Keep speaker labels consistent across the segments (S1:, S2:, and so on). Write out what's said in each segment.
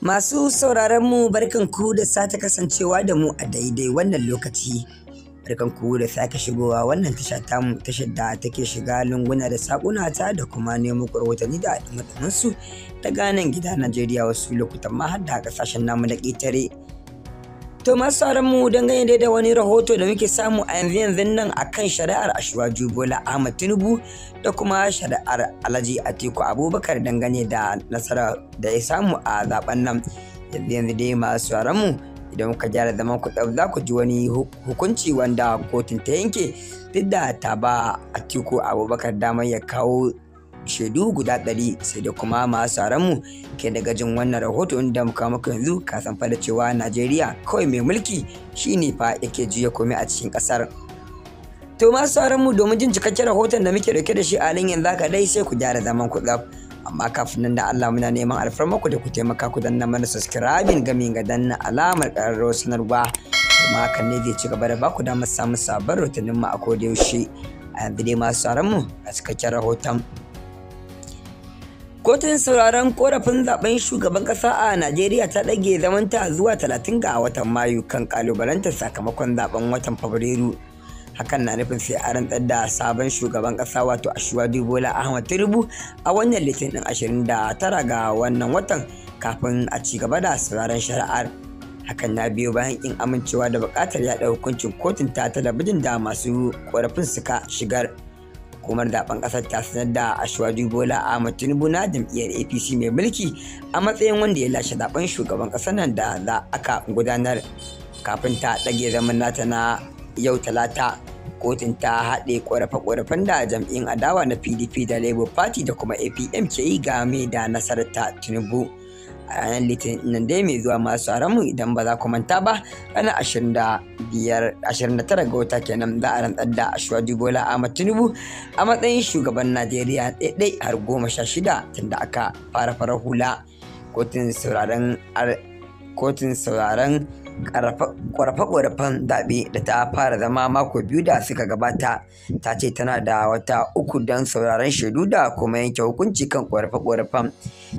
S1: Masu sauraron mu barkanku da sata kasancewa da mu a daidai wannan lokaci. barkan Barkanku da sake shigowa wannan tasha tamu tashar da take shiga lunguna da sakuna ta da kuma nemo rahotanni da mutanensu ta ganin gida Najeriya wasu lokutan ma har da kasashen namu da ƙetare. To masu mu dangane da wani rahoto da muke samu a yanzu yanzu nan a kan shari'ar Ashwaju Bola Ahmad Tinubu da kuma shari'ar Alhaji Atiku Abubakar dangane da nasara da ya samu a zaben nan. Yanzu yanzu dai masu mu idan muka gyara zaman ku za ku ji wani hukunci wanda kotun ta yanke duk da ta ba Atiku Abubakar damar ya kawo shaidu guda ɗari sai da kuma masu mu ke daga jin wannan rahoto da muka muku yanzu ka san fa da cewa najeriya kawai mai mulki shine fa yake juya komai a cikin ƙasar to masu mu domin jin cikakken rahoton da muke dauke da shi a nan yanzu haka dai sai ku gyara zaman ku tsaf amma kafin nan da Allah muna neman alfarmaku da ku taimaka ku danna mana subscribing gami ga danna alamar ƙararrawar sanarwa kuma hakan ne zai ci gaba da baku damar samun sabon rahotannin mu a kodayaushe. a yanzu dai masu mu a cikakken rahoton Kotun sauraron korafin zaben shugaban kasa a Najeriya ta ɗage zamanta zuwa 30 ga watan Mayu kan kalubalantar sakamakon zaben watan Fabrairu. Hakan na nufin sai a rantsar da sabon shugaban kasa wato Ashuwa Bola Ahmad Tinubu a wannan litinin 29 ga wannan watan kafin a ci gaba da sauraron shari'ar. Hakan na biyo bayan kin amincewa da buƙatar yaɗa hukuncin kotun ta talabijin da masu korafin suka shigar. hukumar zaben kasar ta sanar da ashwaju bola a tinubu na jam'iyyar apc mai mulki a matsayin wanda ya lashe zaben shugaban kasar nan da za aka gudanar kafin ta ɗage zaman nata na yau talata kotun ta haɗe ƙorafe-ƙorafen da jam'in adawa na pdp da labour party da kuma apm ke yi game da nasarar ta tinubu a ranar litinin nan dai mai zuwa masu mu idan ba za ku manta ba ranar 29 ga wata kenan za a rantsar da ashwaji Bola Ahmad Tinubu a matsayin shugaban Najeriya daidai har goma sha shida tunda aka fara fara hula kotun kotun sauraron ƙwarfe-ƙwarfen zaɓe da ta fara zama mako biyu da suka gabata ta ce tana da wata uku don sauraron shaidu da kuma yanke hukunci kan ƙwarfe-ƙwarfen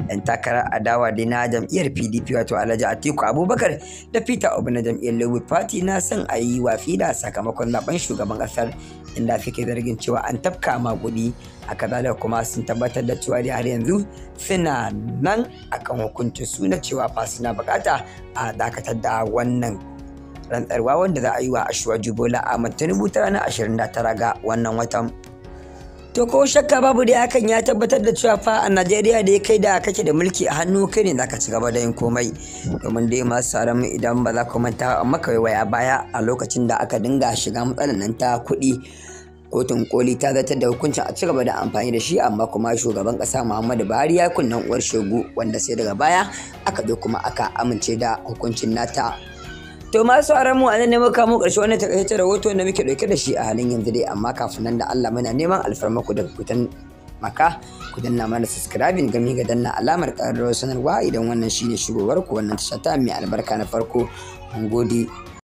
S1: yan takarar adawa dai na jam'iyyar pdp wato alhaji atiku abubakar da peter obi na jam'iyyar labour party na son a yi watsi da sakamakon zaben shugaban ƙasar inda suke zargin cewa an tafka maguɗi a kazalar kuma sun tabbatar da cewa har yanzu suna nan akan hukuncin su na cewa fa suna bukata a dakatar da wannan wannan rantsarwa wanda za a yi wa ashuwa Jubola a Tinubu ta ranar 29 ga wannan watan. To ko shakka babu da hakan ya tabbatar da cewa fa a Najeriya da ya kai da kake da mulki a hannu kai ne zaka ci gaba da yin komai domin dai masu tsaron mu idan ba za ku manta maka waya baya a lokacin da aka dinga shiga matsalar ta kuɗi kotun koli ta zartar da hukuncin a ci gaba da amfani da shi amma kuma shugaban kasa muhammadu buhari ya kunnan uwar shegu wanda sai daga baya aka zo kuma aka amince da hukuncin nata To masu a mu anan ne muka mu karshe wannan takaitaccen rahoto da muke dauke da shi a halin yanzu dai amma kafin nan da Allah muna neman alfarmaku daga kutan maka ku danna mana subscribing gami ga danna alamar ƙararrawar sanarwa idan wannan shine shigowar ku wannan tasha ta mai albarka na farko mun gode